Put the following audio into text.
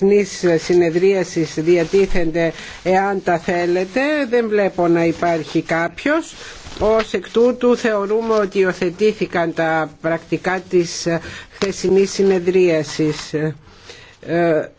διεθνής συνεδρίασης διατίθενται εάν τα θέλετε δεν βλέπω να υπάρχει κάποιος ως εκ τούτου θεωρούμε ότι υιοθετήθηκαν τα πρακτικά της χθεσινής συνεδρίασης ε,